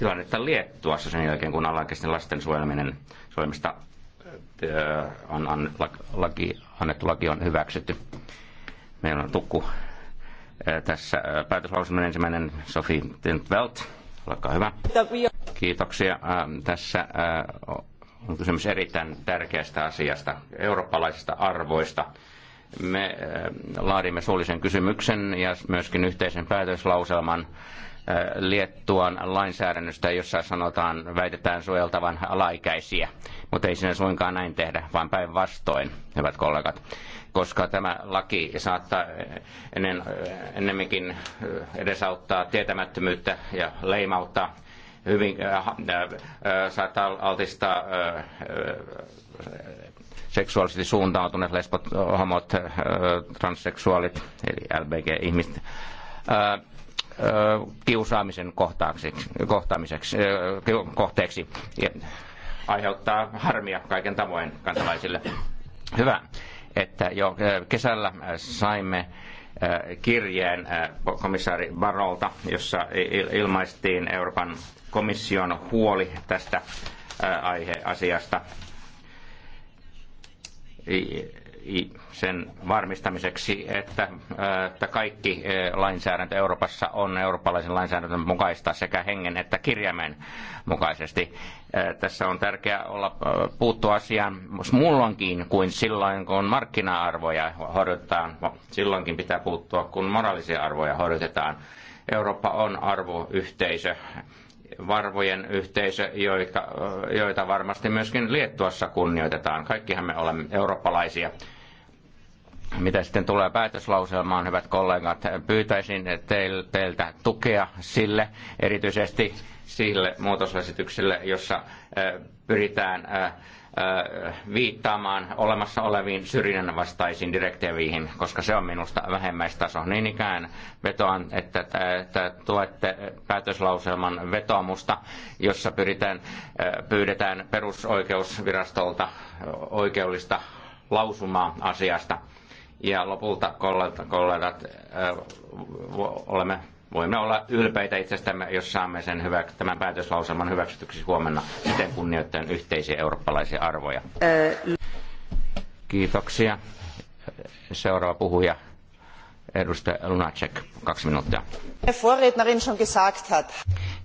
tilannetta Liettuassa sen jälkeen, kun alaikäisten lasten suojelminen, suojelmista äh, on, laki, annettu laki on hyväksytty. Meillä on tukku äh, tässä äh, päätöslausuminen ensimmäinen Sofi Tintvelt, Olkaa hyvä. Kiitoksia. Tässä on kysymys erittäin tärkeästä asiasta, eurooppalaisista arvoista. Me laadimme suullisen kysymyksen ja myöskin yhteisen päätöslauselman Liettuan lainsäädännöstä, jossa sanotaan, väitetään suojeltavan alaikäisiä, mutta ei siinä suinkaan näin tehdä, vaan päinvastoin, hyvät kollegat, koska tämä laki saattaa ennen, ennemminkin edesauttaa tietämättömyyttä ja leimauttaa hyvin, äh, äh, saattaa altistaa äh, seksuaalisesti suuntautuneet lesbot, homot, transseksuaalit, eli LBG-ihmiset, kiusaamisen kohtaamiseksi, kohteeksi ja aiheuttaa harmia kaiken tavoin kansalaisille. Hyvä, että jo kesällä saimme kirjeen komissaari Barolta, jossa ilmaistiin Euroopan komission huoli tästä aiheasiasta sen varmistamiseksi, että, että kaikki e, lainsäädäntö Euroopassa on eurooppalaisen lainsäädännön mukaista sekä hengen että kirjaimen mukaisesti. E, tässä on tärkeää olla e, puuttua asiaan muulloinkin kuin silloin, kun markkina-arvoja horjutetaan. No, silloinkin pitää puuttua, kun moraalisia arvoja horjutetaan. Eurooppa on arvoyhteisö varvojen yhteisö, joita, joita varmasti myöskin Liettuassa kunnioitetaan. Kaikkihan me olemme eurooppalaisia. Mitä sitten tulee päätöslauselmaan, hyvät kollegat, pyytäisin teiltä tukea sille, erityisesti sille muutosesitykselle, jossa eh, pyritään eh, viittaamaan olemassa oleviin syrjinnän vastaisiin direktiiveihin, koska se on minusta vähemmäistaso. Niin ikään vetoan, että, tuette päätöslauselman vetoamusta, jossa pyritään, pyydetään perusoikeusvirastolta oikeudellista lausumaa asiasta. Ja lopulta kollegat, kollegat olemme voimme olla ylpeitä itsestämme, jos saamme sen hyvä, tämän päätöslauselman hyväksytyksi huomenna, siten kunnioittaen yhteisiä eurooppalaisia arvoja. Kiitoksia. Seuraava puhuja, edustaja Lunacek, kaksi minuuttia.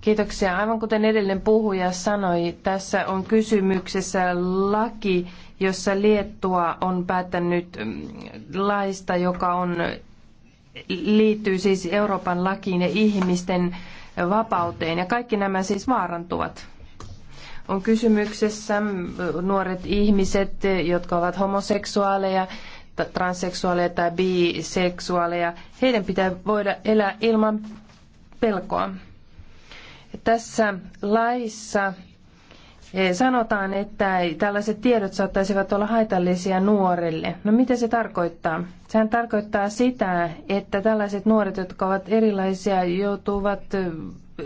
Kiitoksia. Aivan kuten edellinen puhuja sanoi, tässä on kysymyksessä laki, jossa Liettua on päättänyt mm, laista, joka on liittyy siis Euroopan lakiin ja ihmisten vapauteen ja kaikki nämä siis vaarantuvat. On kysymyksessä nuoret ihmiset, jotka ovat homoseksuaaleja, transseksuaaleja tai biseksuaaleja. Heidän pitää voida elää ilman pelkoa. Tässä laissa Eh, sanotaan, että tällaiset tiedot saattaisivat olla haitallisia nuorille. No mitä se tarkoittaa? Sehän tarkoittaa sitä, että tällaiset nuoret, jotka ovat erilaisia, joutuvat, eh,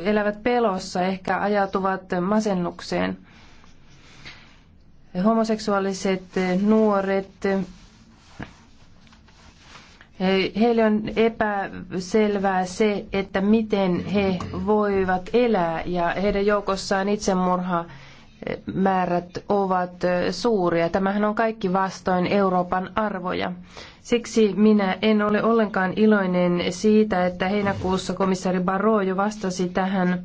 elävät pelossa, ehkä ajautuvat masennukseen. Homoseksuaaliset eh, nuoret, Heille on epäselvää se, että miten he voivat elää ja heidän joukossaan itsemurha määrät ovat suuria. Tämähän on kaikki vastoin Euroopan arvoja. Siksi minä en ole ollenkaan iloinen siitä, että heinäkuussa komissaari Barrot jo vastasi tähän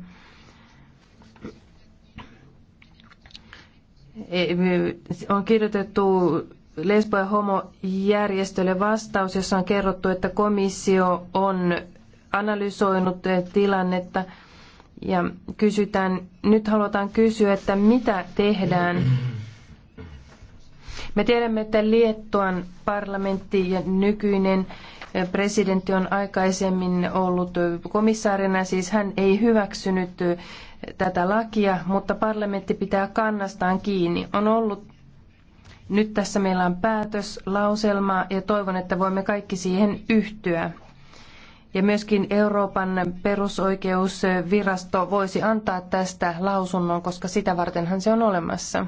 on kirjoitettu lesbo- ja homojärjestölle vastaus, jossa on kerrottu, että komissio on analysoinut tilannetta – ja kysytään, nyt halutaan kysyä, että mitä tehdään. Me tiedämme, että Liettuan parlamentti ja nykyinen presidentti on aikaisemmin ollut komissaarina, siis hän ei hyväksynyt tätä lakia, mutta parlamentti pitää kannastaan kiinni. On ollut nyt tässä meillä on päätöslauselma ja toivon, että voimme kaikki siihen yhtyä. Ja myöskin Euroopan perusoikeusvirasto voisi antaa tästä lausunnon, koska sitä vartenhan se on olemassa.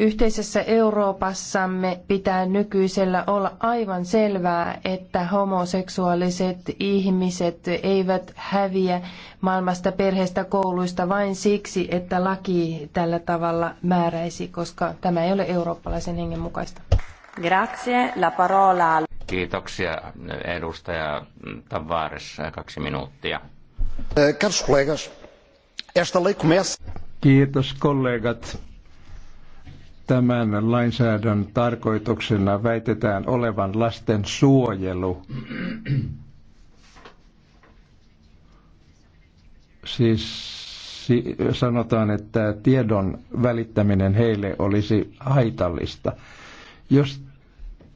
Yhteisessä Euroopassamme pitää nykyisellä olla aivan selvää, että homoseksuaaliset ihmiset eivät häviä maailmasta, perheestä, kouluista vain siksi, että laki tällä tavalla määräisi, koska tämä ei ole eurooppalaisen hengen mukaista. Grazie, la parola. Kiitoksia edustaja Tavares, kaksi minuuttia. Eh, caros kollegas, esta lei começa... Kiitos kollegat. Tämän lainsäädännön tarkoituksena väitetään olevan lasten suojelu. siis sanotaan, että tiedon välittäminen heille olisi haitallista. Jos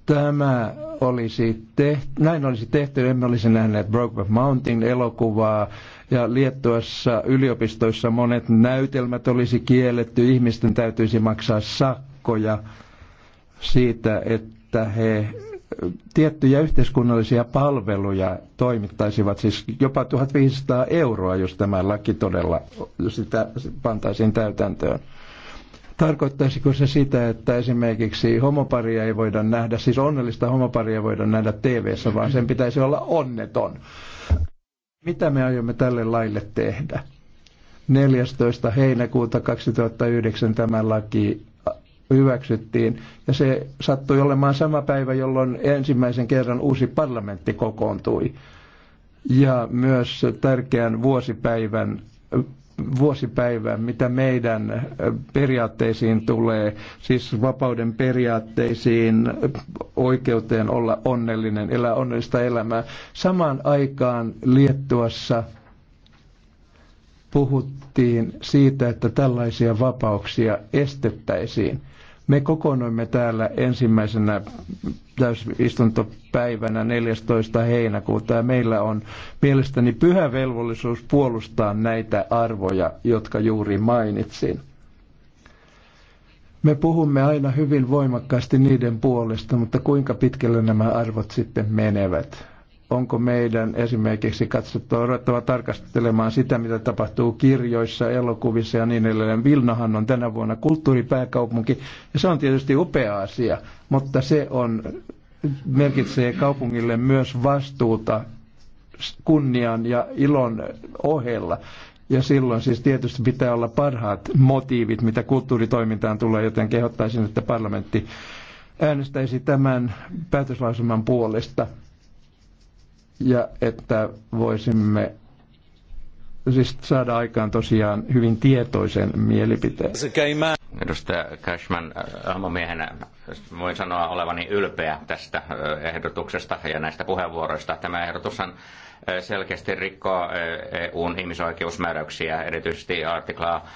tämä olisi tehty, näin olisi tehty, emme olisi nähneet Brokeback Mountain elokuvaa, ja Liettuassa yliopistoissa monet näytelmät olisi kielletty, ihmisten täytyisi maksaa sakkoja siitä, että he tiettyjä yhteiskunnallisia palveluja toimittaisivat, siis jopa 1500 euroa, jos tämä laki todella sitä pantaisiin täytäntöön. Tarkoittaisiko se sitä, että esimerkiksi homoparia ei voida nähdä, siis onnellista homoparia ei voida nähdä tv vaan sen pitäisi olla onneton? Mitä me aiomme tälle laille tehdä? 14. heinäkuuta 2009 tämä laki hyväksyttiin. Ja se sattui olemaan sama päivä, jolloin ensimmäisen kerran uusi parlamentti kokoontui. Ja myös tärkeän vuosipäivän Vuosipäivän, mitä meidän äh, periaatteisiin tulee, siis vapauden periaatteisiin, oikeuteen olla onnellinen, elää onnellista elämää. Samaan aikaan Liettuassa puhuttiin siitä, että tällaisia vapauksia estettäisiin. Me kokoonnoimme täällä ensimmäisenä täysistuntopäivänä 14. heinäkuuta ja meillä on mielestäni pyhä velvollisuus puolustaa näitä arvoja, jotka juuri mainitsin. Me puhumme aina hyvin voimakkaasti niiden puolesta, mutta kuinka pitkälle nämä arvot sitten menevät? onko meidän esimerkiksi katsottava, ruvettava tarkastelemaan sitä, mitä tapahtuu kirjoissa, elokuvissa ja niin edelleen. Vilnahan on tänä vuonna kulttuuripääkaupunki, ja se on tietysti upea asia, mutta se on, merkitsee kaupungille myös vastuuta kunnian ja ilon ohella. Ja silloin siis tietysti pitää olla parhaat motiivit, mitä kulttuuritoimintaan tulee, joten kehottaisin, että parlamentti äänestäisi tämän päätöslausuman puolesta ja että voisimme siis saada aikaan tosiaan hyvin tietoisen mielipiteen. Edustaja Cashman, äh, aamumiehenä voin sanoa olevani ylpeä tästä äh, ehdotuksesta ja näistä puheenvuoroista. Tämä on Eh, selkeästi rikkoo EUn eh, e ihmisoikeusmääräyksiä, erityisesti artiklaa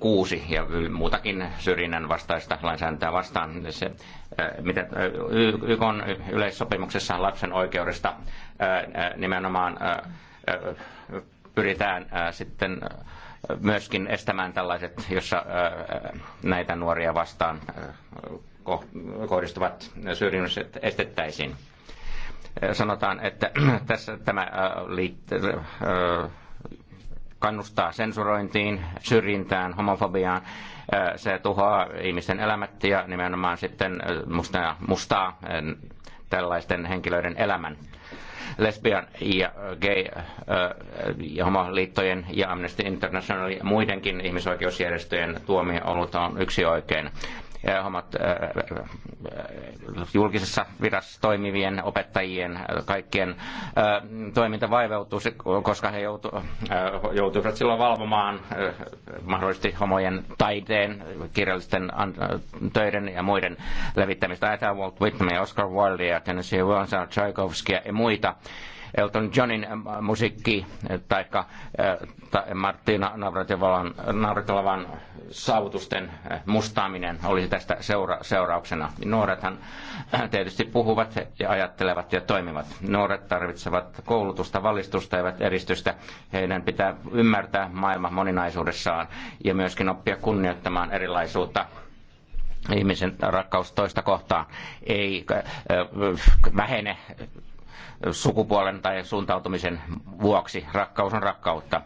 6 eh, ja muutakin syrjinnän vastaista lainsäädäntöä vastaan. Se, mitä YK yleissopimuksessa lapsen oikeudesta nimenomaan pyritään sitten myöskin estämään tällaiset, jossa näitä nuoria vastaan kohdistuvat syrjinnät estettäisiin sanotaan, että tässä tämä äh, äh, kannustaa sensurointiin, syrjintään, homofobiaan. Äh, se tuhoaa ihmisten elämät ja nimenomaan sitten mustaa, mustaa tällaisten henkilöiden elämän lesbian ja gay ja homoliittojen ja Amnesty International ja muidenkin ihmisoikeusjärjestöjen tuomio ollut on yksi oikein omat julkisessa virassa toimivien opettajien kaikkien toiminta vaiveutuu, koska he joutuivat silloin valvomaan mahdollisesti homojen taiteen, kirjallisten töiden ja muiden levittämistä. Ajatellaan Walt Whitman, Oscar Wilde ja Tennessee Wilson, Tchaikovskia ja muita Elton Johnin musiikki tai Martina Navratilavan, Navratilavan saavutusten mustaaminen oli tästä seura, seurauksena. Nuorethan tietysti puhuvat ja ajattelevat ja toimivat. Nuoret tarvitsevat koulutusta, valistusta ja eristystä. Heidän pitää ymmärtää maailma moninaisuudessaan ja myöskin oppia kunnioittamaan erilaisuutta ihmisen rakkaus toista kohtaan ei vähene sukupuolen tai suuntautumisen vuoksi. Rakkaus on rakkautta.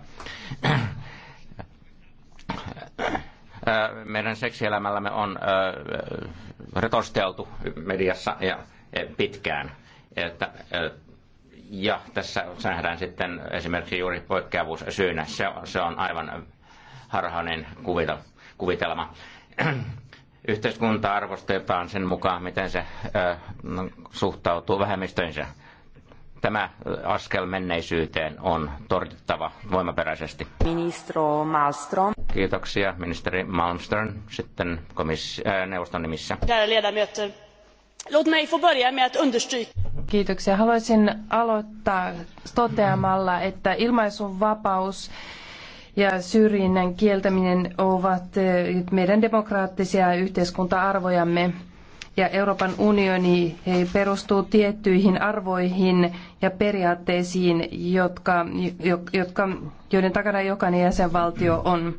Äh, meidän seksielämällämme on äh, retosteltu mediassa ja pitkään. Että, äh, ja tässä nähdään sitten esimerkiksi juuri poikkeavuus syynä. Se, se on aivan harhainen kuvitelma yhteiskunta arvostetaan sen mukaan, miten se suhtautuu vähemmistöinsä tämä askel menneisyyteen on torjuttava voimaperäisesti. Ministro Malmström. Kiitoksia, ministeri Malmström. Sitten komissi- äh, neuvoston nimissä. Kiitoksia. Haluaisin aloittaa toteamalla, että ilmaisunvapaus ja syrjinnän kieltäminen ovat äh, meidän demokraattisia yhteiskunta-arvojamme ja Euroopan unioni perustuu tiettyihin arvoihin ja periaatteisiin, jotka, jotka, joiden takana jokainen jäsenvaltio on.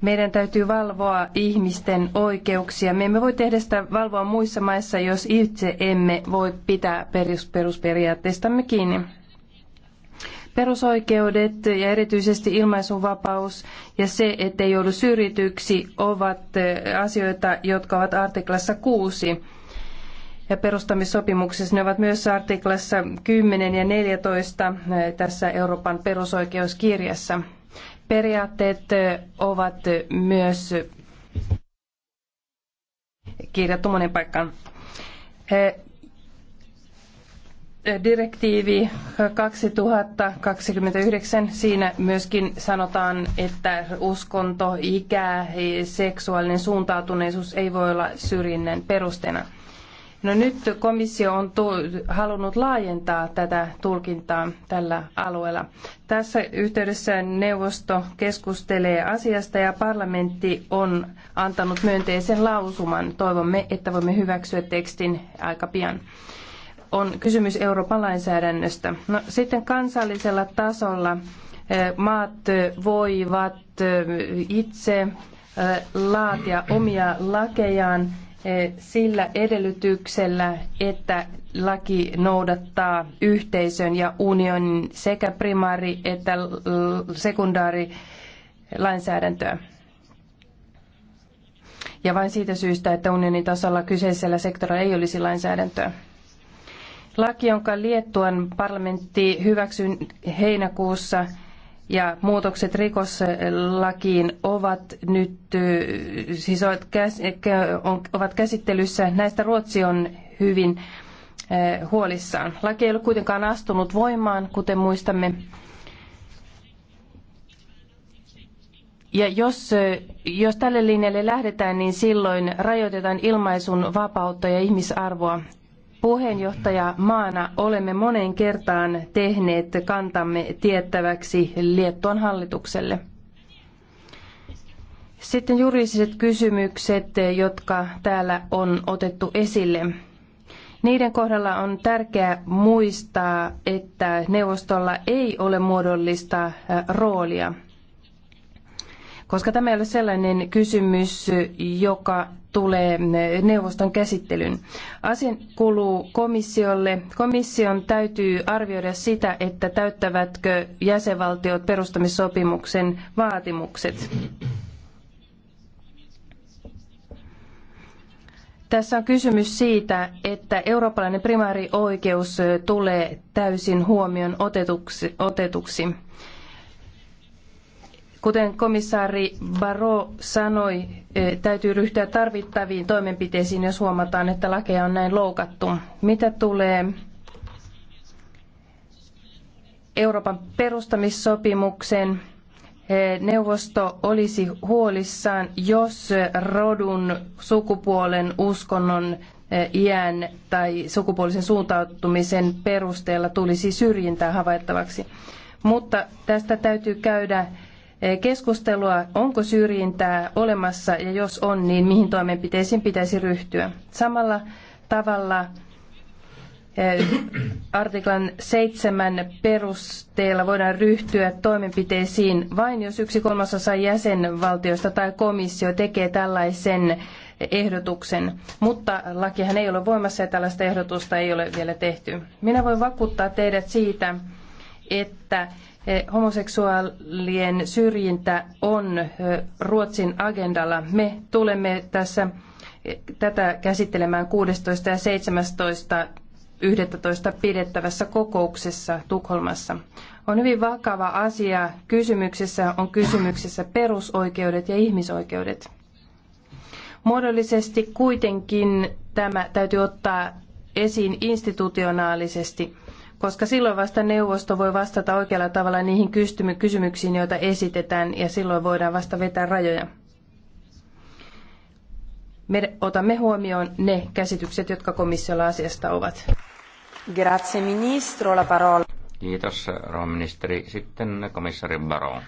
Meidän täytyy valvoa ihmisten oikeuksia. Me emme voi tehdä sitä valvoa muissa maissa, jos itse emme voi pitää perus, perusperiaatteistamme kiinni. Perusoikeudet ja erityisesti ilmaisunvapaus ja se, ettei joudu syrjityksi, ovat eh, asioita, jotka ovat artiklassa 6 ja perustamissopimuksessa. Ne ovat myös artiklassa 10 ja 14 eh, tässä Euroopan perusoikeuskirjassa. Periaatteet eh, ovat myös kirjattu monen paikkaan direktiivi 2029, siinä myöskin sanotaan, että uskonto, ikä, seksuaalinen suuntautuneisuus ei voi olla syrjinnän perusteena. No nyt komissio on halunnut laajentaa tätä tulkintaa tällä alueella. Tässä yhteydessä neuvosto keskustelee asiasta ja parlamentti on antanut myönteisen lausuman. Toivomme, että voimme hyväksyä tekstin aika pian on kysymys Euroopan lainsäädännöstä. No, sitten kansallisella tasolla eh, maat eh, voivat eh, itse laatia omia lakejaan sillä edellytyksellä, että laki noudattaa yhteisön ja unionin sekä primaari- että sekundaarilainsäädäntöä. Ja vain siitä syystä, että unionin tasolla kyseisellä sektorilla ei olisi lainsäädäntöä. Laki, jonka Liettuan parlamentti hyväksyi heinäkuussa ja muutokset rikoslakiin ovat nyt siis ovat käsittelyssä. Näistä Ruotsi on hyvin huolissaan. Laki ei ole kuitenkaan astunut voimaan, kuten muistamme. Ja jos, jos tälle linjalle lähdetään, niin silloin rajoitetaan ilmaisun vapautta ja ihmisarvoa puheenjohtaja maana olemme moneen kertaan tehneet kantamme tiettäväksi Liettuan hallitukselle. Sitten juridiset kysymykset, jotka täällä on otettu esille. Niiden kohdalla on tärkeää muistaa, että neuvostolla ei ole muodollista roolia, koska tämä ei ole sellainen kysymys, joka tulee neuvoston käsittelyn. Asian kuuluu komissiolle. Komission täytyy arvioida sitä, että täyttävätkö jäsenvaltiot perustamissopimuksen vaatimukset. Tässä on kysymys siitä, että eurooppalainen primaarioikeus tulee täysin huomioon otetuksi. otetuksi. Kuten komissaari Barrot sanoi, e, täytyy ryhtyä tarvittaviin toimenpiteisiin, jos huomataan, että lakeja on näin loukattu. Mitä tulee Euroopan perustamissopimukseen, e, neuvosto olisi huolissaan, jos rodun, sukupuolen, uskonnon, e, iän tai sukupuolisen suuntautumisen perusteella tulisi syrjintää havaittavaksi. Mutta tästä täytyy käydä keskustelua, onko syrjintää olemassa ja jos on, niin mihin toimenpiteisiin pitäisi ryhtyä. Samalla tavalla eh, artiklan 7 perusteella voidaan ryhtyä toimenpiteisiin vain, jos yksi kolmasosa jäsenvaltioista tai komissio tekee tällaisen ehdotuksen. Mutta lakihan ei ole voimassa ja tällaista ehdotusta ei ole vielä tehty. Minä voin vakuuttaa teidät siitä, että homoseksuaalien syrjintä on Ruotsin agendalla. Me tulemme tässä e, tätä käsittelemään 16. ja 17. 11. pidettävässä kokouksessa Tukholmassa. On hyvin vakava asia. Kysymyksessä on kysymyksessä perusoikeudet ja ihmisoikeudet. Muodollisesti kuitenkin tämä täytyy ottaa esiin institutionaalisesti – koska silloin vasta neuvosto voi vastata oikealla tavalla niihin kysymyksiin, joita esitetään, ja silloin voidaan vasta vetää rajoja. Me otamme huomioon ne käsitykset, jotka komissiolla asiasta ovat. Grazie ministro, la parola. Kiitos, ministeri. Sitten komissari Baron.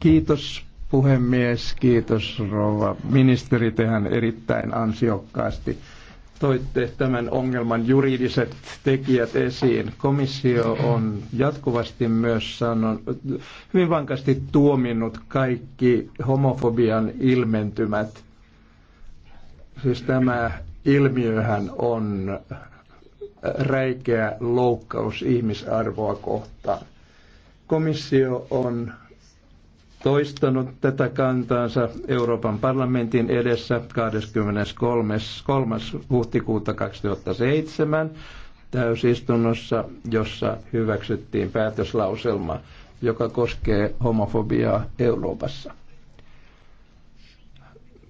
Kiitos puhemies, kiitos rouva ministeri tehän erittäin ansiokkaasti toitte tämän ongelman juridiset tekijät esiin. Komissio on jatkuvasti myös sanon, hyvin vankasti tuominnut kaikki homofobian ilmentymät. Siis tämä ilmiöhän on räikeä loukkaus ihmisarvoa kohtaan. Komissio on toistanut tätä kantaansa Euroopan parlamentin edessä 23. 3. huhtikuuta 2007 täysistunnossa, jossa hyväksyttiin päätöslauselma, joka koskee homofobiaa Euroopassa.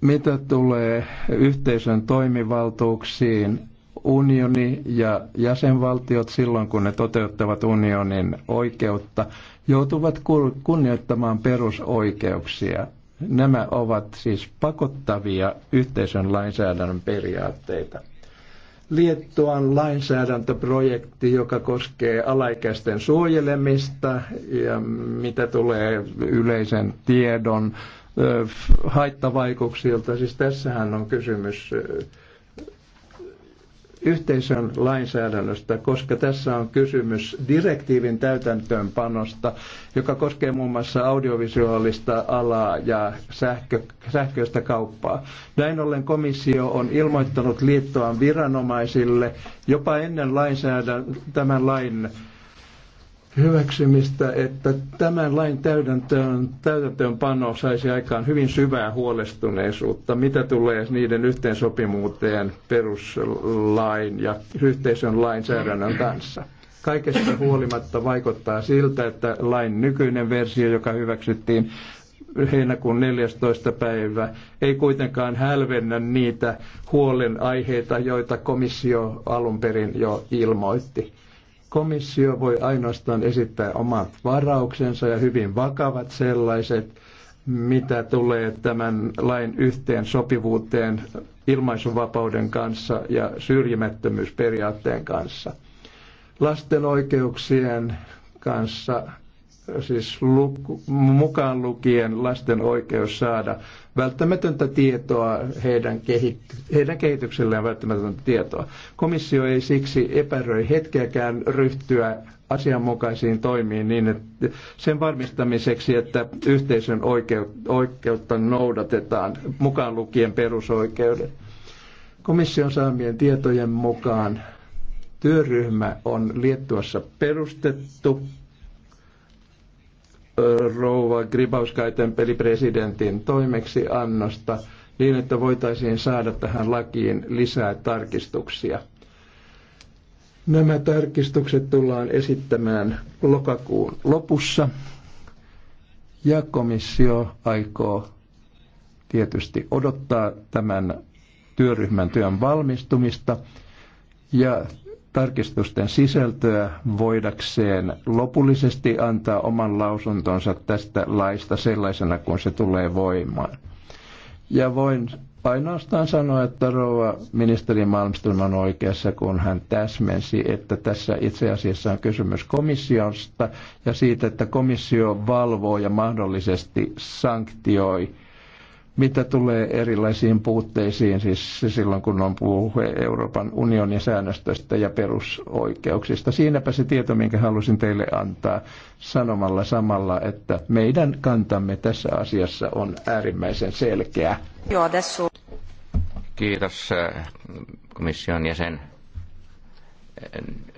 Mitä tulee yhteisön toimivaltuuksiin, unioni ja jäsenvaltiot silloin, kun ne toteuttavat unionin oikeutta joutuvat kunnioittamaan perusoikeuksia. Nämä ovat siis pakottavia yhteisön lainsäädännön periaatteita. Liettuan lainsäädäntöprojekti, joka koskee alaikäisten suojelemista ja mitä tulee yleisen tiedon haittavaikutuksilta. Siis tässähän on kysymys yhteisön lainsäädännöstä, koska tässä on kysymys direktiivin täytäntöönpanosta, joka koskee muun muassa audiovisuaalista alaa ja sähkö, sähköistä kauppaa. Näin ollen komissio on ilmoittanut liittoaan viranomaisille jopa ennen lainsäädä, tämän lain hyväksymistä, että tämän lain täydentöön, täytäntöönpano saisi aikaan hyvin syvää huolestuneisuutta, mitä tulee niiden yhteensopimuuteen peruslain ja yhteisön lainsäädännön kanssa. Kaikesta huolimatta vaikuttaa siltä, että lain nykyinen versio, joka hyväksyttiin heinäkuun 14. päivä ei kuitenkaan hälvennä niitä huolenaiheita, joita komissio alun perin jo ilmoitti. Komissio voi ainoastaan esittää omat varauksensa ja hyvin vakavat sellaiset, mitä tulee tämän lain yhteen sopivuuteen ilmaisuvapauden kanssa ja syrjimättömyysperiaatteen kanssa. Lasten oikeuksien kanssa siis luku, mukaan lukien lasten oikeus saada välttämätöntä tietoa heidän, kehit, heidän kehitykselleen välttämätöntä tietoa. Komissio ei siksi epäröi hetkeäkään ryhtyä asianmukaisiin toimiin niin, että sen varmistamiseksi, että yhteisön oikeutta noudatetaan, mukaan lukien perusoikeudet. Komission saamien tietojen mukaan työryhmä on Liettuassa perustettu rouva Gribauskaiten pelipresidentin toimeksiannosta niin, että voitaisiin saada tähän lakiin lisää tarkistuksia. Nämä tarkistukset tullaan esittämään lokakuun lopussa ja komissio aikoo tietysti odottaa tämän työryhmän työn valmistumista ja tarkistusten sisältöä voidakseen lopullisesti antaa oman lausuntonsa tästä laista sellaisena, kun se tulee voimaan. Ja voin ainoastaan sanoa, että rouva ministeri Malmström on oikeassa, kun hän täsmensi, että tässä itse asiassa on kysymys komissiosta ja siitä, että komissio valvoo ja mahdollisesti sanktioi – mitä tulee erilaisiin puutteisiin, siis silloin kun on puhe Euroopan unionin säännöstöstä ja perusoikeuksista. Siinäpä se tieto, minkä halusin teille antaa sanomalla samalla, että meidän kantamme tässä asiassa on äärimmäisen selkeä. Joo, tässä on. Kiitos äh, komission jäsen. Äh,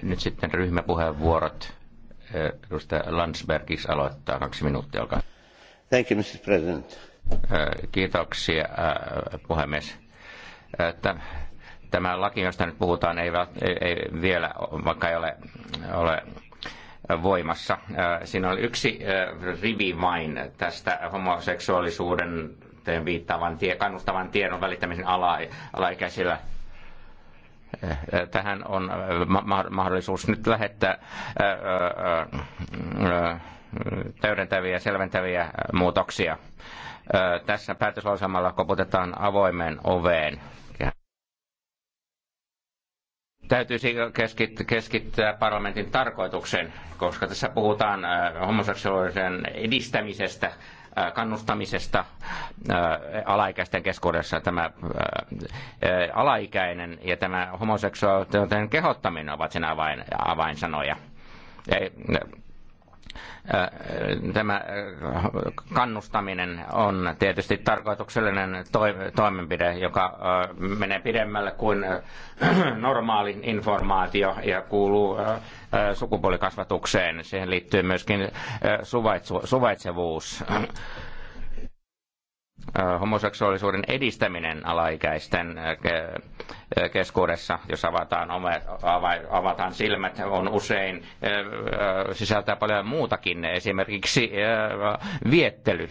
nyt sitten ryhmäpuheenvuorot. Äh, edustaja Landsbergis aloittaa kaksi minuuttia, olkaa. Thank you, Mr. President Kiitoksia, puhemies. Tämä laki, josta nyt puhutaan, ei, ei vielä, vaikka ei ole, ole voimassa. Siinä oli yksi rivi vain tästä homoseksuaalisuuden viittaavan, kannustavan tiedon välittämisen ala, alaikäisillä tähän on mahdollisuus nyt lähettää täydentäviä ja selventäviä muutoksia tässä päätöslausamalla koputetaan avoimen oveen. Täytyisi keskittää parlamentin tarkoituksen, koska tässä puhutaan homoseksuaalisen edistämisestä, kannustamisesta alaikäisten keskuudessa. Tämä alaikäinen ja tämä homoseksuaalisuuden kehottaminen ovat sen avainsanoja tämä kannustaminen on tietysti tarkoituksellinen toimenpide, joka menee pidemmälle kuin normaali informaatio ja kuuluu sukupuolikasvatukseen. Siihen liittyy myöskin suvaitsevuus homoseksuaalisuuden edistäminen alaikäisten keskuudessa, jos avataan, ome, avataan silmät, on usein sisältää paljon muutakin, esimerkiksi viettely,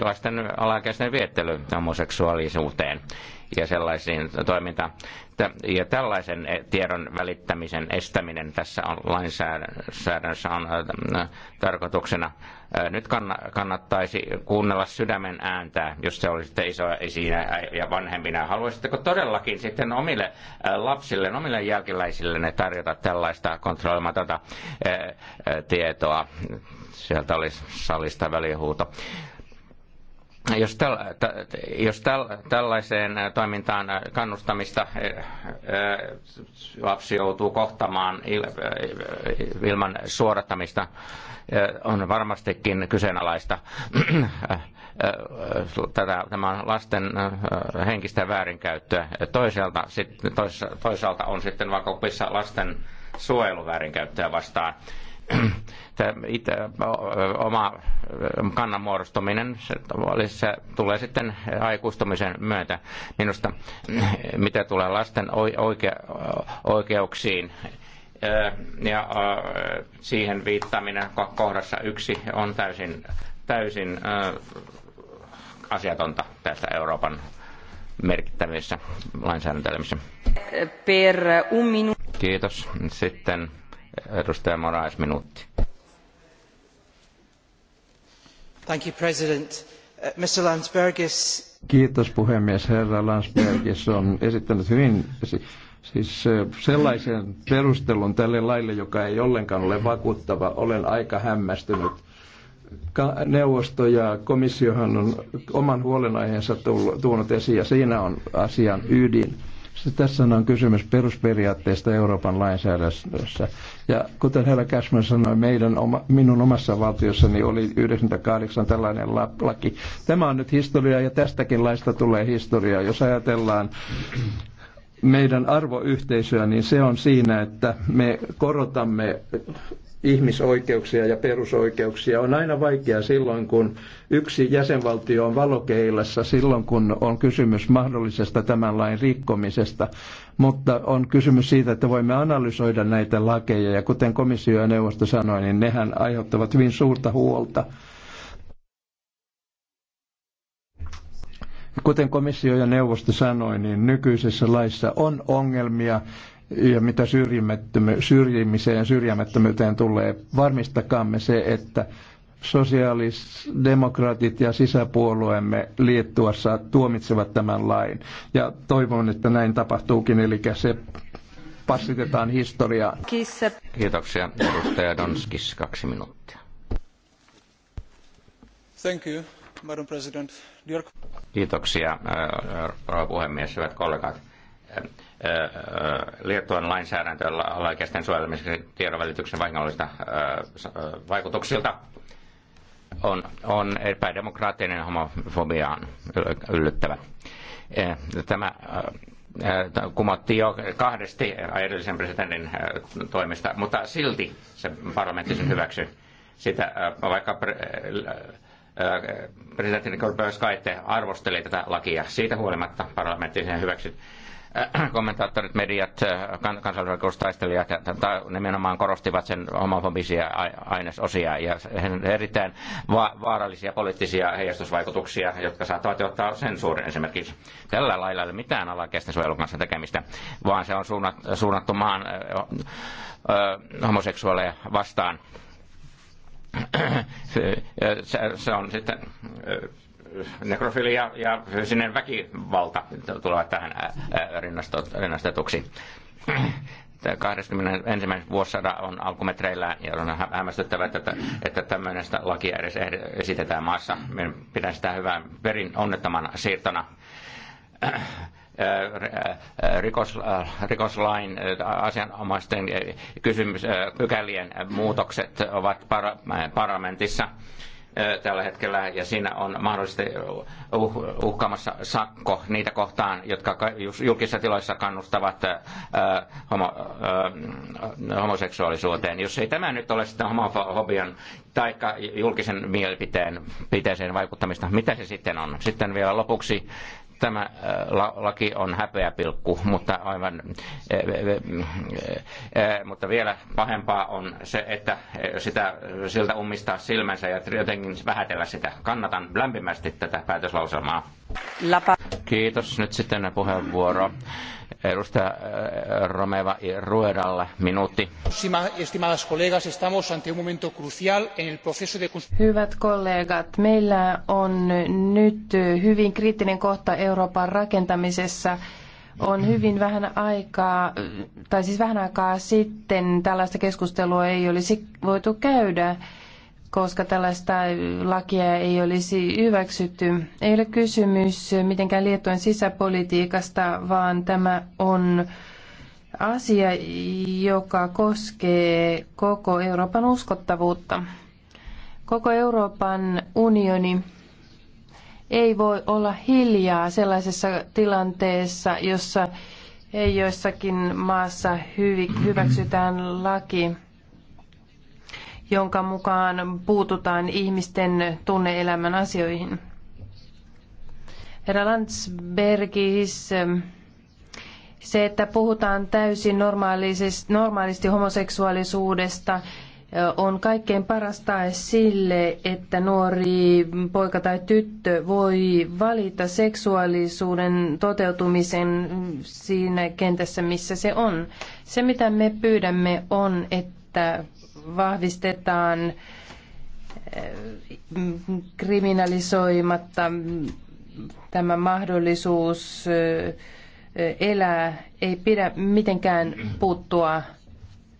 lasten alaikäisten viettely homoseksuaalisuuteen ja sellaisiin toimintaan. Ja tällaisen tiedon välittämisen estäminen tässä on lainsäädännössä on äh, tarkoituksena. Äh, nyt kannattaisi kuunnella sydämen ääntä, jos te olisitte isoja esiinä ja vanhempina. Haluaisitteko todellakin sitten omille äh, lapsille, omille jälkiläisille tarjota tällaista kontrolloimatonta tietoa? Sieltä olisi salista välihuuto jos, täl, jos täl, tällaiseen toimintaan kannustamista lapsi joutuu kohtamaan ilman suodattamista, on varmastikin kyseenalaista. Äh, äh, tätä, tämä on lasten henkistä väärinkäyttöä. Toisaalta, sit, toisaalta on sitten vaikka lasten suojeluväärinkäyttöä vastaan. itse, oma kannan muodostuminen se, tulee sitten aikuistumisen myötä minusta, mitä tulee lasten oike, oikeuksiin ja siihen viittaminen kohdassa yksi on täysin, täysin asiatonta tästä Euroopan merkittävissä lainsäädäntelmissä. Per un minu- Kiitos. Sitten Edustaja Moraes, minuutti. Thank you, President. Uh, Mr. Landsbergis. Kiitos puhemies. Herra Landsbergis on esittänyt hyvin siis sellaisen perustelun tälle laille, joka ei ollenkaan ole vakuuttava. Olen aika hämmästynyt neuvosto ja komissiohan on oman huolenaiheensa tuonut esiin ja siinä on asian ydin. Tässä on kysymys perusperiaatteista Euroopan lainsäädännössä. Ja kuten herra Cashman sanoi, meidän oma, minun omassa valtiossani oli 98 tällainen laki. Tämä on nyt historia ja tästäkin laista tulee historia. Jos ajatellaan meidän arvoyhteisöä, niin se on siinä, että me korotamme ihmisoikeuksia ja perusoikeuksia on aina vaikea silloin, kun yksi jäsenvaltio on valokeilassa, silloin kun on kysymys mahdollisesta tämän lain rikkomisesta. Mutta on kysymys siitä, että voimme analysoida näitä lakeja ja kuten komissio ja neuvosto sanoi, niin nehän aiheuttavat hyvin suurta huolta. Kuten komissio ja neuvosto sanoi, niin nykyisessä laissa on ongelmia ja mitä syrjimiseen, syrjimättömyyteen tulee, varmistakaamme se, että sosiaalidemokraatit ja sisäpuolueemme liittuessa tuomitsevat tämän lain. Ja toivon, että näin tapahtuukin, eli se passitetaan historiaan. Kissa. Kiitoksia. Edustaja Donskis, kaksi minuuttia. Thank you, Madam President. Kiitoksia, rouva puhemies, hyvät kollegat Äh, äh, Liettuan lainsäädäntö alaikäisten suojelemiseksi tiedonvälityksen vahingollisista äh, vaikutuksilta on, on epädemokraattinen homofobiaan yllyttävä. Tämä kumottiin jo kahdesti edellisen presidentin toimesta, mutta silti se parlamentti sen hyväksyi. Sitä, vaikka presidentti Nikol Pöyskaitte arvosteli tätä lakia, siitä huolimatta parlamentti sen hyväksyi Äh, kommentaattorit, mediat, äh, kansallisoikeustaistelijat äh, nimenomaan korostivat sen homofobisia ainesosia ja erittäin vaarallisia poliittisia heijastusvaikutuksia, jotka saattavat johtaa sensuurin esimerkiksi. Tällä lailla ei ole mitään alaikäisten suojelun kanssa tekemistä, vaan se on suunnattu maan homoseksuaaleja vastaan. se on sitten nekrofilia ja fyysinen väkivalta tulevat tähän rinnastetuksi. 21. vuosisada on alkumetreillään ja on hämmästyttävää, että, että tämmöistä lakia edes esitetään maassa. Meidän pitää sitä hyvää perin onnettoman siirtona rikos, rikoslain asianomaisten kysymys, pykälien muutokset ovat parlamentissa tällä hetkellä ja siinä on mahdollisesti uh, uhkaamassa sakko niitä kohtaan, jotka julkisissa tiloissa kannustavat homo, mm, homoseksuaalisuuteen. Jos ei tämä nyt ole sitä homofobian tai julkisen mielipiteen piteeseen vaikuttamista, mitä se sitten on? Sitten vielä lopuksi Tämä äh, laki on häpeäpilkku, mutta aivan, äh, äh, mutta vielä pahempaa on se, että sitä, siltä ummistaa silmänsä ja jotenkin vähätellä sitä. Kannatan lämpimästi tätä päätöslauselmaa. Kiitos. Nyt sitten puheenvuoro edustaja äh, Romeva Ruedalle minuutti. Hyvät kollegat, meillä on nyt hyvin kriittinen kohta Euroopan rakentamisessa on hyvin vähän aikaa, tai siis vähän aikaa sitten tällaista keskustelua ei olisi voitu käydä koska tällaista lakia ei olisi hyväksytty. Ei ole kysymys mitenkään Liettuan sisäpolitiikasta, vaan tämä on asia, joka koskee koko Euroopan uskottavuutta. Koko Euroopan unioni ei voi olla hiljaa sellaisessa tilanteessa, jossa ei joissakin maassa hyväksytään laki jonka mukaan puututaan ihmisten tunneelämän asioihin. Herra Landsbergis, se, että puhutaan täysin normaalisti homoseksuaalisuudesta, on kaikkein paras tae sille, että nuori poika tai tyttö voi valita seksuaalisuuden toteutumisen siinä kentässä, missä se on. Se, mitä me pyydämme, on, että vahvistetaan eh, kriminalisoimatta tämä mahdollisuus eh, elää, ei pidä mitenkään puuttua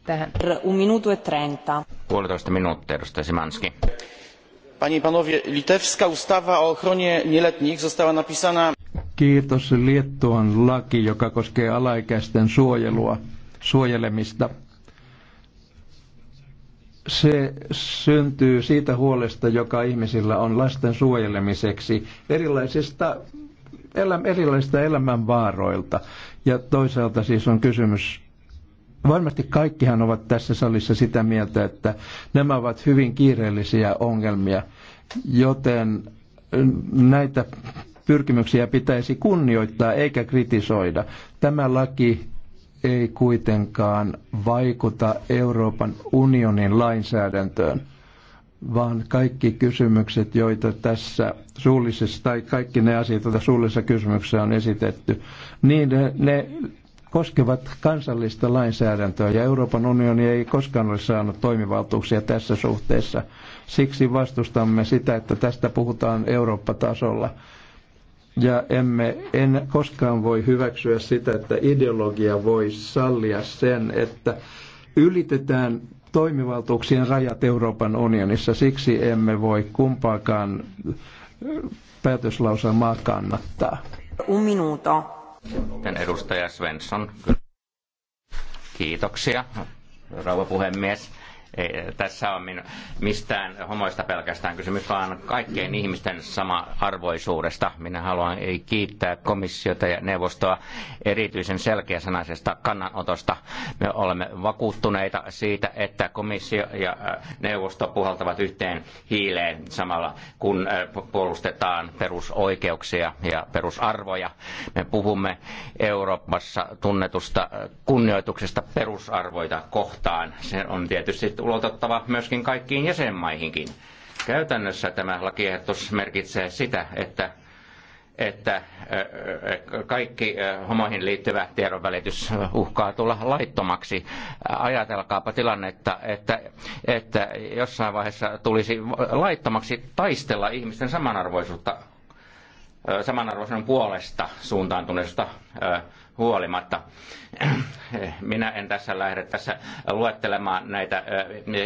tähän. Un minuto e trenta. Puolitoista minuuttia, edustaja Simanski. Panie i panowie, litewska ustawa o ochronie nieletnich została napisana... Kiitos. Liettuan laki, joka koskee alaikäisten suojelua, suojelemista, se syntyy siitä huolesta, joka ihmisillä on lasten suojelemiseksi erilaisista elämä erilaisista elämänvaaroilta. Ja toisaalta siis on kysymys, varmasti kaikkihan ovat tässä salissa sitä mieltä, että nämä ovat hyvin kiireellisiä ongelmia, joten näitä pyrkimyksiä pitäisi kunnioittaa eikä kritisoida. Tämä laki ei kuitenkaan vaikuta Euroopan unionin lainsäädäntöön, vaan kaikki kysymykset, joita tässä suullisessa, tai kaikki ne asiat, joita suullisessa kysymyksessä on esitetty, niin ne, ne koskevat kansallista lainsäädäntöä ja Euroopan unioni ei koskaan ole saanut toimivaltuuksia tässä suhteessa. Siksi vastustamme sitä, että tästä puhutaan Eurooppa-tasolla. Ja emme en koskaan voi hyväksyä sitä, että ideologia voi sallia sen, että ylitetään toimivaltuuksien rajat Euroopan unionissa. Siksi emme voi kumpaakaan äh, päätöslausamaa kannattaa. Un minuto. Edustaja Svensson. Kiitoksia, rouva puhemies. Ei, tässä on minu, mistään homoista pelkästään kysymys, vaan kaikkien ihmisten sama-arvoisuudesta. Minä haluan kiittää komissiota ja neuvostoa erityisen selkeäsanaisesta kannanotosta. Me olemme vakuuttuneita siitä, että komissio ja äh, neuvosto puhaltavat yhteen hiileen samalla, kun äh, puolustetaan perusoikeuksia ja perusarvoja. Me puhumme Euroopassa tunnetusta äh, kunnioituksesta perusarvoita kohtaan. Se on tietysti ulotettava myöskin kaikkiin jäsenmaihinkin. Käytännössä tämä lakiehdotus merkitsee sitä, että että kaikki homoihin liittyvä tiedonvälitys uhkaa tulla laittomaksi. Ajatelkaapa tilannetta, että, että jossain vaiheessa tulisi laittomaksi taistella ihmisten samanarvoisuutta, samanarvoisuuden puolesta suuntaantuneesta huolimatta. Minä en tässä lähde tässä luettelemaan näitä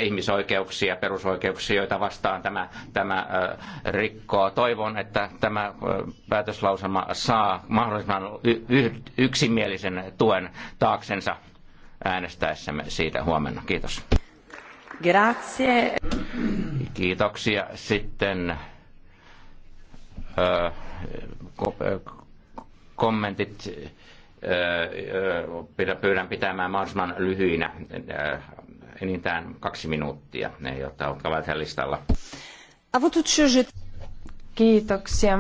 ihmisoikeuksia, perusoikeuksia, joita vastaan tämä, tämä rikkoo. Toivon, että tämä päätöslauselma saa mahdollisimman yksimielisen tuen taaksensa äänestäessämme siitä huomenna. Kiitos. Grazie. Kiitoksia. Sitten öö, kommentit pyydän pitämään mahdollisimman lyhyinä, enintään kaksi minuuttia, ne, jotta ovat listalla. Kiitoksia,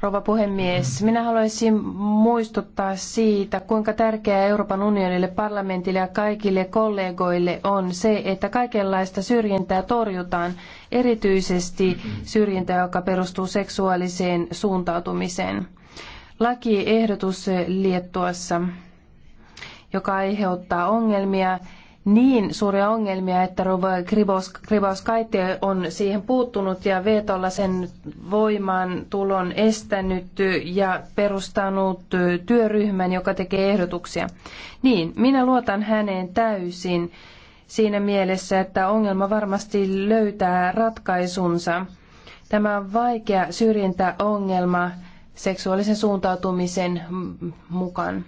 rouva puhemies. Minä haluaisin muistuttaa siitä, kuinka tärkeää Euroopan unionille, parlamentille ja kaikille kollegoille on se, että kaikenlaista syrjintää torjutaan, erityisesti syrjintää, joka perustuu seksuaaliseen suuntautumiseen lakiehdotus Liettuassa, joka aiheuttaa ongelmia, niin suuria ongelmia, että Rova Kribaus, on siihen puuttunut ja vetolla sen voimaan tulon estänyt ja perustanut työryhmän, joka tekee ehdotuksia. Niin, minä luotan häneen täysin siinä mielessä, että ongelma varmasti löytää ratkaisunsa. Tämä on vaikea syrjintäongelma seksuaalisen suuntautumisen mukaan.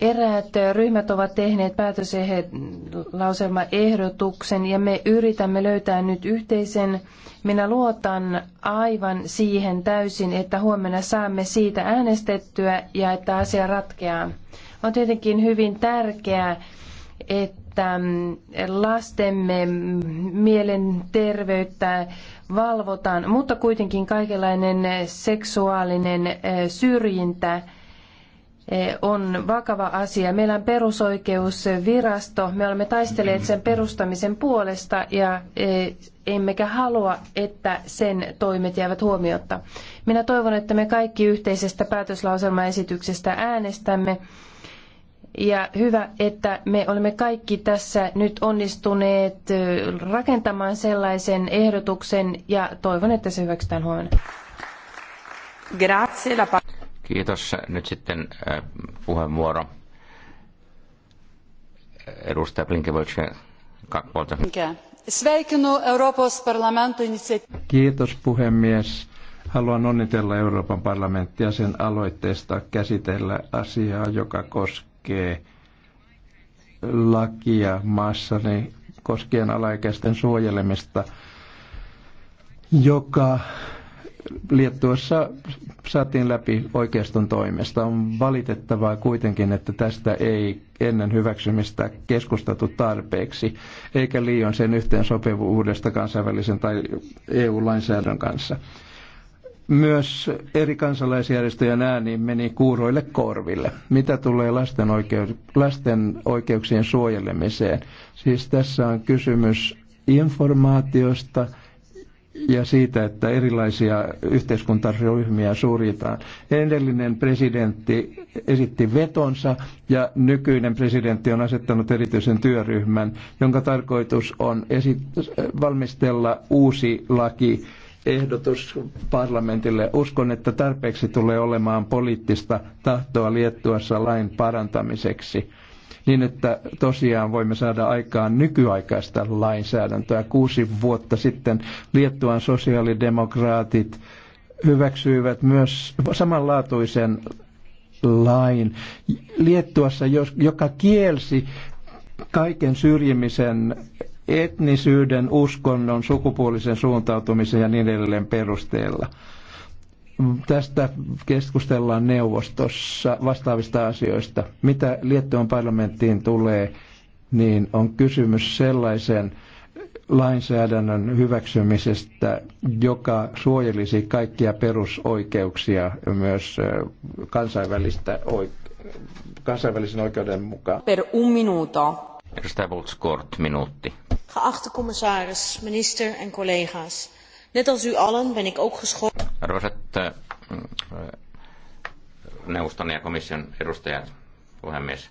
Eräät ryhmät ovat tehneet päätöslauselmaehdotuksen ja me yritämme löytää nyt yhteisen. Minä luotan aivan siihen täysin, että huomenna saamme siitä äänestettyä ja että asia ratkeaa. On tietenkin hyvin tärkeää, että että lastemme mielenterveyttä valvotaan, mutta kuitenkin kaikenlainen seksuaalinen eh, syrjintä eh, on vakava asia. Meillä on perusoikeusvirasto, me olemme taistelleet sen perustamisen puolesta ja eh, emmekä halua, että sen toimet jäävät huomiotta. Minä toivon, että me kaikki yhteisestä päätöslauselmaesityksestä äänestämme ja hyvä, että me olemme kaikki tässä nyt onnistuneet rakentamaan sellaisen ehdotuksen ja toivon, että se hyväksytään huomenna. Kiitos. Nyt sitten puheenvuoro. Edustaja Blinkevich, kakvolta. Kiitos puhemies. Haluan onnitella Euroopan parlamenttia sen aloitteesta käsitellä asiaa, joka koskee koskee lakia maassani koskien alaikäisten suojelemista, joka Liettuossa saatiin läpi oikeiston toimesta. On valitettavaa kuitenkin, että tästä ei ennen hyväksymistä keskusteltu tarpeeksi, eikä liian sen yhteensopivuudesta kansainvälisen tai EU-lainsäädännön kanssa myös eri kansalaisjärjestöjen ääni meni kuuroille korville. Mitä tulee lasten, oikeu- lasten oikeuksien suojelemiseen? Siis tässä on kysymys informaatiosta ja siitä, että erilaisia yhteiskuntaryhmiä suuritaan. Edellinen presidentti esitti vetonsa ja nykyinen presidentti on asettanut erityisen työryhmän, jonka tarkoitus on valmistella uusi laki ehdotus parlamentille. Uskon, että tarpeeksi tulee olemaan poliittista tahtoa Liettuassa lain parantamiseksi niin, että tosiaan voimme saada aikaan nykyaikaista lainsäädäntöä. Kuusi vuotta sitten Liettuan sosiaalidemokraatit hyväksyivät myös samanlaatuisen lain Liettuassa, joka kielsi kaiken syrjimisen etnisyyden, uskonnon, sukupuolisen suuntautumisen ja niin edelleen perusteella. Tästä keskustellaan neuvostossa vastaavista asioista. Mitä Liettuan parlamenttiin tulee, niin on kysymys sellaisen lainsäädännön hyväksymisestä, joka suojelisi kaikkia perusoikeuksia myös kansainvälistä oike- kansainvälisen oikeuden mukaan. Per un minuto. Edustaja kort minuutti geachte commissaris minister en collega's net als u allen ben ik ook geschokt arvoisat eh, neuvoston ja komission edustajat puhemies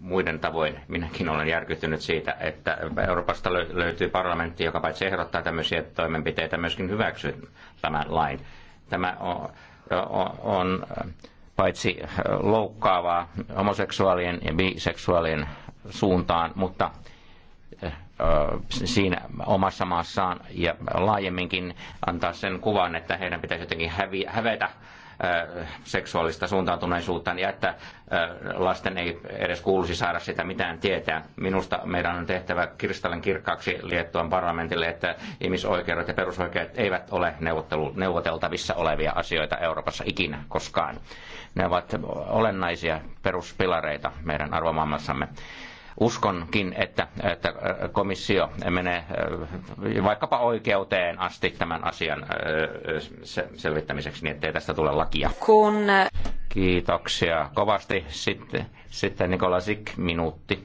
muiden tavoin minäkin olen järkyttynyt siitä, että Euroopasta löytyy parlamentti, joka paitsi ehdottaa tämmöisiä toimenpiteitä, myöskin hyväksyy tämän lain. Tämä on, on, on paitsi loukkaavaa homoseksuaalien ja biseksuaalien suuntaan, mutta siinä omassa maassaan ja laajemminkin antaa sen kuvan, että heidän pitäisi jotenkin hävi, hävetä seksuaalista suuntautuneisuutta ja että lasten ei edes kuulisi saada sitä mitään tietää. Minusta meidän on tehtävä kristallin kirkkaaksi Liettuan parlamentille, että ihmisoikeudet ja perusoikeudet eivät ole neuvoteltavissa olevia asioita Euroopassa ikinä koskaan. Ne ovat olennaisia peruspilareita meidän arvomaailmassamme uskonkin, että, että äh, komissio menee äh, vaikkapa oikeuteen asti tämän asian äh, selvittämiseksi, niin ettei tästä tule lakia. Kun... Kiitoksia kovasti. Sitten, sitten Nikola Sik, minuutti.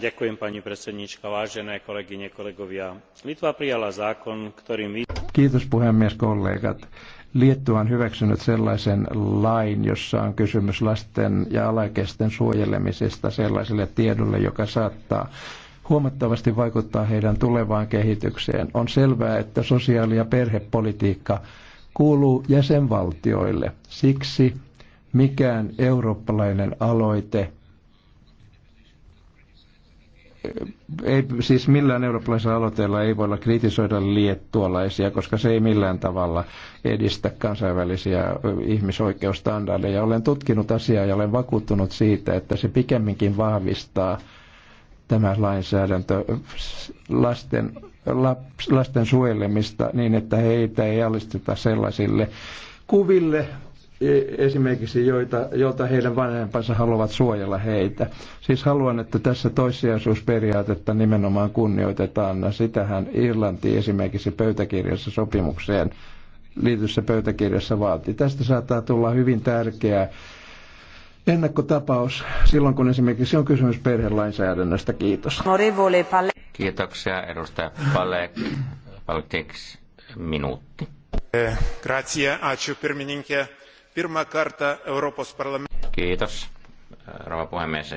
Ďakujem pani predsedníčka, vážené kolegyne, kolegovia. Litva prijala zákon, ktorým... Kiitos puhemies, kollegat. Liettua on hyväksynyt sellaisen lain, jossa on kysymys lasten ja alaikäisten suojelemisesta sellaiselle tiedolle, joka saattaa huomattavasti vaikuttaa heidän tulevaan kehitykseen. On selvää, että sosiaali- ja perhepolitiikka kuuluu jäsenvaltioille. Siksi mikään eurooppalainen aloite ei, siis millään eurooppalaisella aloitteella ei olla kritisoida liettualaisia, koska se ei millään tavalla edistä kansainvälisiä ihmisoikeustandardeja. Olen tutkinut asiaa ja olen vakuuttunut siitä, että se pikemminkin vahvistaa tämä lainsäädäntö lasten, laps, lasten suojelemista niin, että heitä ei alisteta sellaisille kuville, E, esimerkiksi joita, joilta heidän vanhempansa haluavat suojella heitä. Siis haluan, että tässä toissijaisuusperiaatetta nimenomaan kunnioitetaan. Sitähän Irlanti esimerkiksi pöytäkirjassa sopimukseen liityssä pöytäkirjassa vaatii. Tästä saattaa tulla hyvin tärkeää ennakkotapaus silloin, kun esimerkiksi on kysymys perhelainsäädännöstä. Kiitos. Kiitoksia edustaja Palek. Palek minuutti. Eh, grazie, ačiū pirmininkė pirmą kartą Europos parlamentin... Kiitos, rouva puhemies.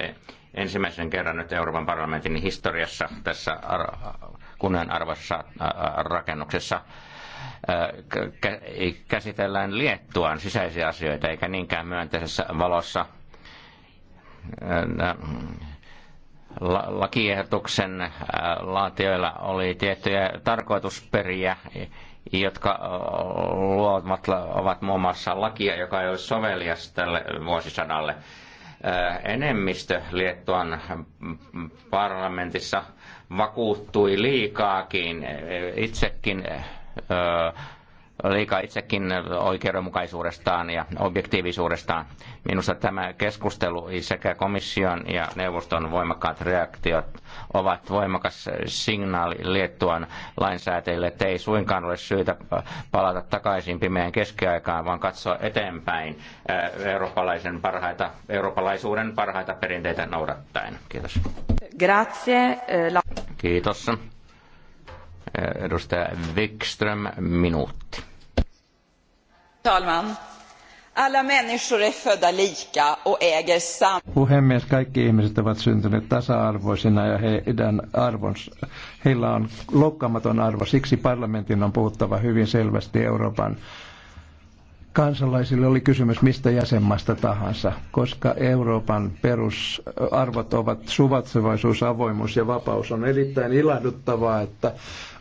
Ensimmäisen kerran nyt Euroopan parlamentin historiassa tässä kunnianarvoisessa rakennuksessa käsitellään Liettuan sisäisiä asioita eikä niinkään myönteisessä valossa lakiehdotuksen laatioilla oli tiettyjä tarkoitusperiä jotka luovat, ovat muun muassa lakia, joka ei ole sovelias tälle vuosisadalle. Enemmistö Liettuan parlamentissa vakuuttui liikaakin itsekin liika itsekin oikeudenmukaisuudestaan ja objektiivisuudestaan. Minusta tämä keskustelu sekä komission ja neuvoston voimakkaat reaktiot ovat voimakas signaali Liettuan lainsäätäjille, että ei suinkaan ole syytä palata takaisin pimeään keskiaikaan, vaan katsoa eteenpäin eurooppalaisen parhaita, eurooppalaisuuden parhaita perinteitä noudattaen. Kiitos. Grazie. Kiitos. Edustaja Wikström, minuutti. Herr talman! Alla människor är födda lika och äger samma... Puhemies, kaikki ihmiset ovat syntyneet tasa-arvoisina ja heidän arvons, heillä on loukkaamaton arvo. Siksi parlamentin on puhuttava hyvin selvästi Euroopan kansalaisille oli kysymys mistä jäsenmaasta tahansa, koska Euroopan perusarvot ovat suvatsevaisuus, avoimuus ja vapaus. On erittäin ilahduttavaa, että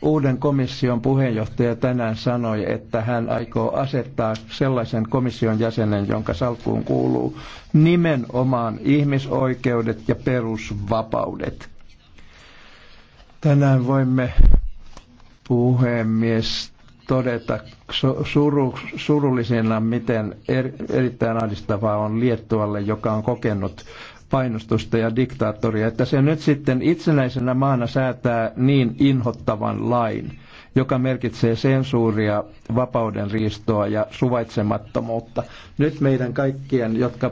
uuden komission puheenjohtaja tänään sanoi, että hän aikoo asettaa sellaisen komission jäsenen, jonka salkkuun kuuluu nimenomaan ihmisoikeudet ja perusvapaudet. Tänään voimme puhemies todeta suru, surullisena, miten er, erittäin ahdistavaa on Liettualle, joka on kokenut painostusta ja diktaattoria, että se nyt sitten itsenäisenä maana säätää niin inhottavan lain, joka merkitsee sensuuria, vapauden riistoa ja suvaitsemattomuutta. Nyt meidän kaikkien, jotka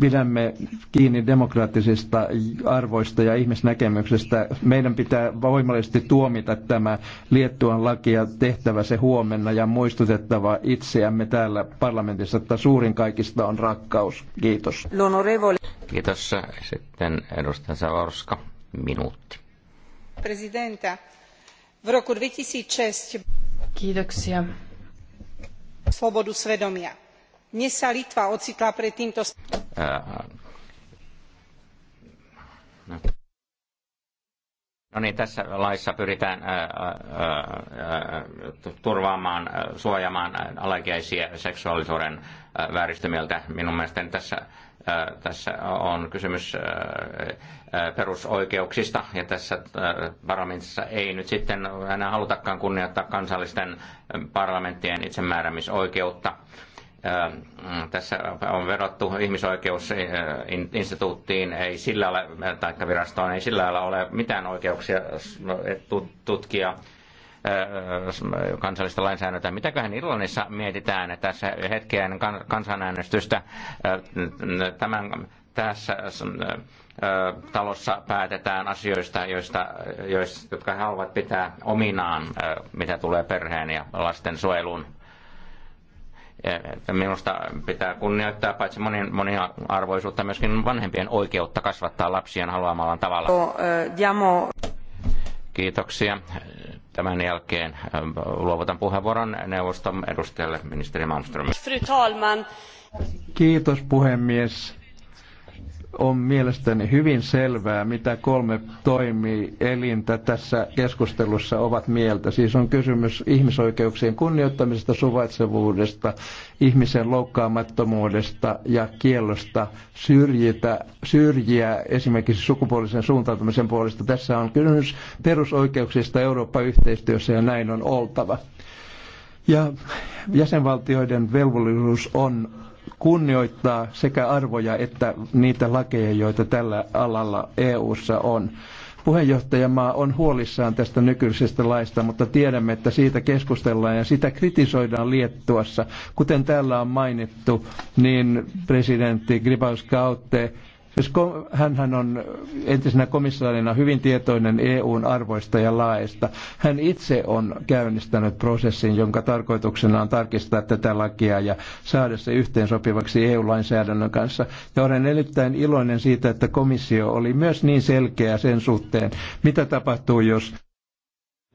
pidämme kiinni demokraattisista arvoista ja ihmisnäkemyksestä. Meidän pitää voimallisesti tuomita tämä Liettuan laki ja tehtävä se huomenna ja muistutettava itseämme täällä parlamentissa, että suurin kaikista on rakkaus. Kiitos. Kiitos. Sitten edustaja Savorska, minuutti. Presidenta, v roku 2006... Kiitoksia. Svobodu svedomia. Dnes sa Litva ocitla pred týmto... No niin, tässä laissa pyritään ää, ää, turvaamaan, ää, suojaamaan alaikäisiä seksuaalisuuden ää, Minun mielestäni tässä, ää, tässä on kysymys ää, perusoikeuksista ja tässä parlamentissa ei nyt sitten enää halutakaan kunnioittaa kansallisten parlamenttien itsemääräämisoikeutta. Ähm, tässä on verrattu ihmisoikeusinstituuttiin, ei sillä ole, tai virastoon ei sillä ole mitään oikeuksia tutkia äh, kansallista lainsäädäntöä. Mitäköhän Irlannissa mietitään tässä hetkeen kansanäänestystä äh, tämän tässä äh, talossa päätetään asioista, joista, joista, jotka he haluavat pitää ominaan, mitä tulee perheen ja lasten suojeluun Minusta pitää kunnioittaa paitsi monin, monia arvoisuutta myöskin vanhempien oikeutta kasvattaa lapsien haluamallaan tavalla. Kiitoksia. Tämän jälkeen luovutan puheenvuoron neuvoston edustajalle ministeri Malmström. Fru talman. Kiitos puhemies on mielestäni hyvin selvää, mitä kolme toimii elintä tässä keskustelussa ovat mieltä. Siis on kysymys ihmisoikeuksien kunnioittamisesta, suvaitsevuudesta, ihmisen loukkaamattomuudesta ja kiellosta syrjitä, syrjiä esimerkiksi sukupuolisen suuntautumisen puolesta. Tässä on kysymys perusoikeuksista Eurooppa-yhteistyössä ja näin on oltava. Ja jäsenvaltioiden velvollisuus on kunnioittaa sekä arvoja että niitä lakeja, joita tällä alalla EU:ssa on puheenjohtajamaa on huolissaan tästä nykyisestä laista, mutta tiedämme, että siitä keskustellaan ja sitä kritisoidaan Liettuassa. Kuten täällä on mainittu, niin presidentti Gribaus Kautte Siis hän on entisenä komissaarina hyvin tietoinen EUn arvoista ja laeista. Hän itse on käynnistänyt prosessin, jonka tarkoituksena on tarkistaa tätä lakia ja saada se yhteensopivaksi EU-lainsäädännön kanssa. Ja olen erittäin iloinen siitä, että komissio oli myös niin selkeä sen suhteen, mitä tapahtuu, jos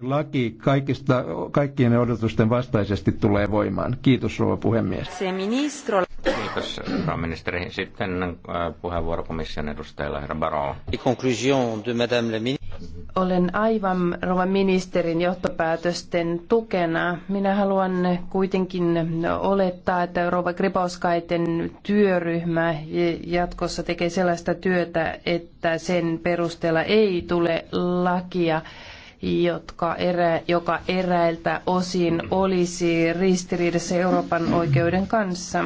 Laki kaikista, kaikkien odotusten vastaisesti tulee voimaan. Kiitos rouva puhemies. Se ministro... Kiitos pääministeri. Sitten äh, puheenvuorokomission komission edustajalla herra Baron. Olen aivan rouva ministerin johtopäätösten tukena. Minä haluan kuitenkin olettaa, että rouva Kripauskaiten työryhmä jatkossa tekee sellaista työtä, että sen perusteella ei tule lakia jotka erä, joka eräiltä osin olisi ristiriidassa Euroopan oikeuden kanssa.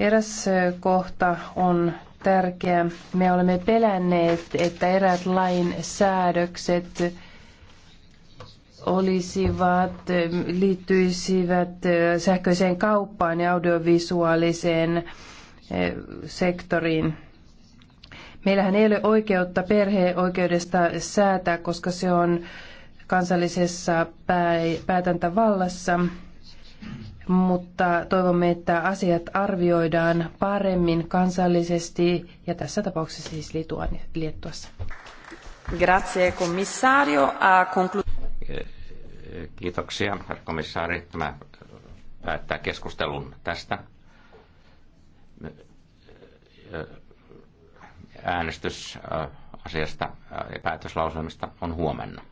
Eräs kohta on tärkeä. Me olemme pelänneet, että eräät lain säädökset olisivat, liittyisivät sähköiseen kauppaan ja audiovisuaaliseen sektoriin. Meillähän ei ole oikeutta perheoikeudesta säätää, koska se on kansallisessa päätäntävallassa, mutta toivomme, että asiat arvioidaan paremmin kansallisesti ja tässä tapauksessa siis Liettuassa. Grazie, commissario. A conclu- Kiitoksia, herra komissaari. Tämä päättää keskustelun tästä Äänestys asiasta ja päätöslauselmista on huomenna.